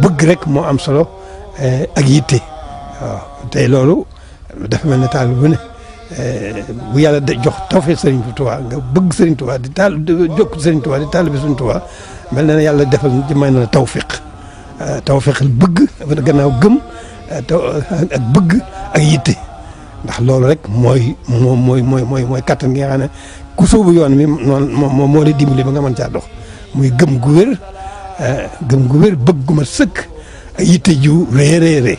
bëgg rek moo am solo ak yitte waaw tey loolu dafa mel ne taal bu ne bu yàlla da jox tawfee Serigne Touba nga bëgg Serigne Touba di taal jokk Serigne Touba di taal bi Serigne Touba mel na ne yàlla defal ci may na la tawfiq tawfiq bëgg gannaaw gëm ak bëgg ak yitte ndax loolu rek mooy moo mooy mooy mooy mooy kattan gi nga xam ne ku sóobu yoon mi noonu moo moo lay dimbali ba nga mën caa dox muy gëm gu wér gëm gu wér bëgg gu ma sëkk ay yitte ju réeréeré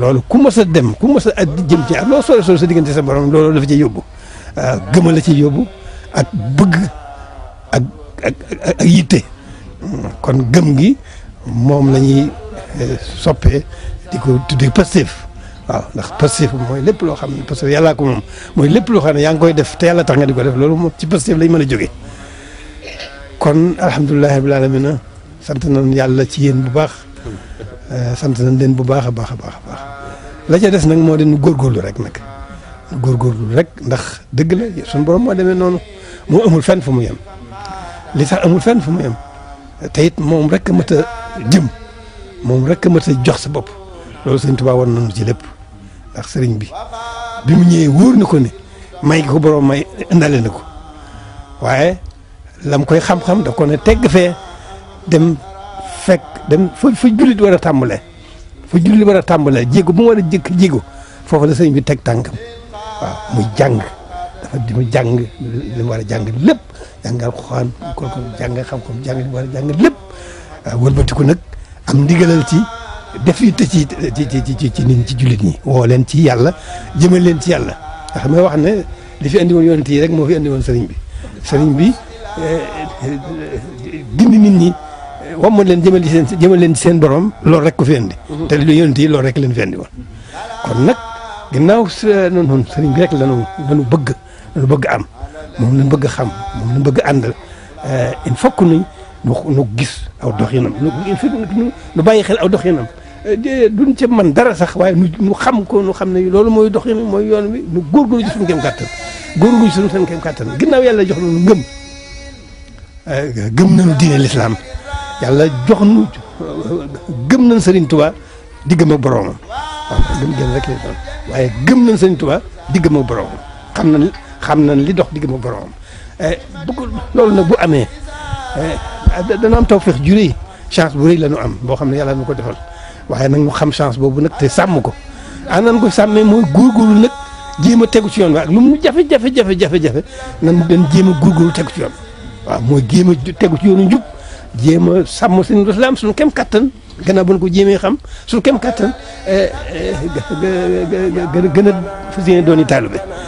loolu ku mas dem ku mas a jëm ci ak loo sore sore sa diggante sa borom loolu dafa ci yóbbu ah, gëma la ci yóbbu ak bëgg ak ak yitte kon gëm gi moom lañuy ñuy eh, soppee di ko tuddee Pastef waaw ndax Pastef mooy lépp loo xam ne Pastef yàllaa ko moom mooy lépp loo xam ne yaa ngi koy def te yàlla tax nga di ko def loolu moom ci Pastef lañ mën a jógee kon alhamdulilahi rabbil alamina sant nañ yàlla ci yéen bu baax euh, sant nañ leen bu baax a baax a baax baax la ca des nag moo den góorgóorlu rek nag góorgóorlu rek ndax dëgg la suñu borom moo demee noonu moo amul fen fu mu yem li tax amul fenn fu mu yem tey it moom rek a mat jëm moom rek a jox sa bopp loolu sëñ Tuubaa war nañu ci lépp ndax sëriñ bi bi mu ñëwee wóor na ko ne may gi ko borom may indale na ko waaye lam koy xam-xam da ko ne fee dem fekk dem fa fa jullit war a tàmbalee fa jullit war a tàmbalee jéego bu mu war a jëkk jéego foofu la sëriñ bi teg tànkam mu muy jàng dafa di mu jàng li mu war a jàng lépp jàng alxuraan ko ko jàng xam-xam jàng mu war a jàng lépp wëlbatiku nag am ndigalal ci def it ci ci ci ci ci nit ñi ci jullit ñi woo leen ci yàlla jëmal leen ci yàlla ndax may wax ne li fi andi woon yonent yi rek moo fi andi bi sëriñ bi eh, eh, wammu len jëmale seen jëmale len seen borom loolu rek ko fi indi te lu yonent yi loolu rek leen fi indi won kon nak ginnaaw non non serigne bi rek lanu lanu bëgg lanu bëgg am mom lañu bëgg xam mom lañu bëgg àndal il faut que ñu nu gis aw doxinam nu nu bàyyi xel aw doxinam duñ ci man dara sax waaye nu xam ko nu xam ne loolu mooy doxin mooy yoon bi nu góorgóorlu ci suñu kéem kàttan góorgóorlu ci suñu seen kéem kàttan ginnaaw yàlla jox nañu gëm gëm nañu diine l'islam yàlla jox nu gëm nañ Serigne Touba diggam ak boroomam waaw gëm waaye gëm nañ Serigne Touba diggam ak boroomam xam nañ xam nañ li dox diggam ak boroomam eh, bu loolu nag bu amee eh, dana am tawfeex ju rëy chance bu rëy la ñu am boo xam ne yàlla nu ko defal waaye nag mu xam chance boobu nag te sàmm ko anan ko sàmmee mooy góor nag jéem a tegu ci yoon waaye lu mu jafe-jafe jafe-jafe nan dañ jéem a góorgóorlu tegu ci yoon waaw mooy jéem tegu ci yoonu njub jéem a sàmm suñu lislaam suñu kem kattan gannaaw bu ñu ko jéemee xam suñu kem kattan gën a gën a fas doon i taalibe